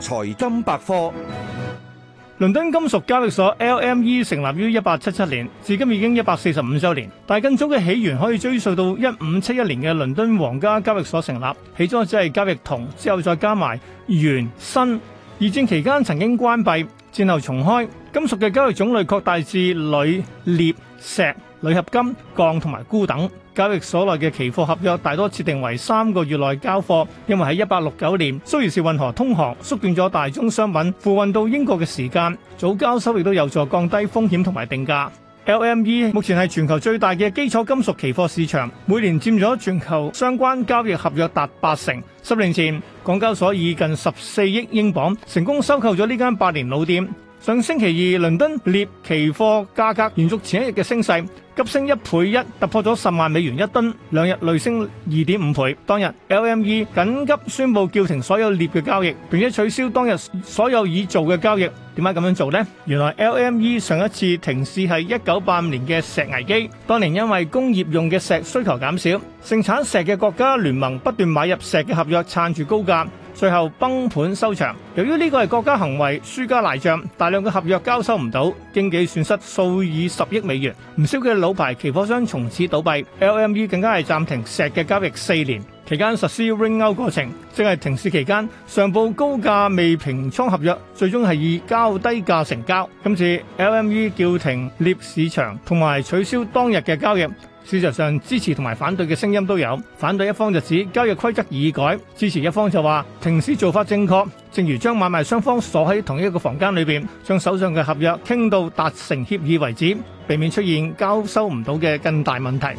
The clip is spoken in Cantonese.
財金百科，倫敦金屬交易所 LME 成立於一八七七年，至今已經一百四十五周年。但更早嘅起源可以追溯到一五七一年嘅倫敦皇家交易所成立，起初只係交易銅，之後再加埋鉛、鋅。二戰期間曾經關閉，戰後重開。金屬嘅交易種類擴大至鋁、鎳、錫。鋁合金、鋼同埋钴等交易所內嘅期貨合約大多設定為三個月內交貨，因為喺1869年蘇伊士運河通航，縮短咗大宗商品付運到英國嘅時間，早交收亦都有助降低風險同埋定價。LME 目前係全球最大嘅基礎金屬期貨市場，每年佔咗全球相關交易合約達八成。十年前，港交所以近十四億英鎊成功收購咗呢間百年老店。上星期二，倫敦鎳期貨價格延續前一日嘅升勢。急升一倍一，突破咗十萬美元一噸，兩日累升二點五倍。當日 LME 緊急宣布叫停所有鎳嘅交易，並且取消當日所有已做嘅交易。點解咁樣做咧？原來 LME 上一次停市係一九八五年嘅錫危機。當年因為工業用嘅錫需求減少，盛產錫嘅國家聯盟不斷買入錫嘅合約撐住高價，最後崩盤收場。由於呢個係國家行為，輸家賴賬，大量嘅合約交收唔到，經紀損失數以十億美元。唔少嘅老牌期貨商從此倒閉，LME 更加係暫停錫嘅交易四年。期間實施 ring O 過程，即係停市期間上報高價未平倉合約，最終係以較低價成交。今次 LME 叫停鎳市場同埋取消當日嘅交易，事實上支持同埋反對嘅聲音都有。反對一方就指交易規則已改，支持一方就話停市做法正確，正如將買賣雙方鎖喺同一個房間裏面，將手上嘅合約傾到達成協議為止，避免出現交收唔到嘅更大問題。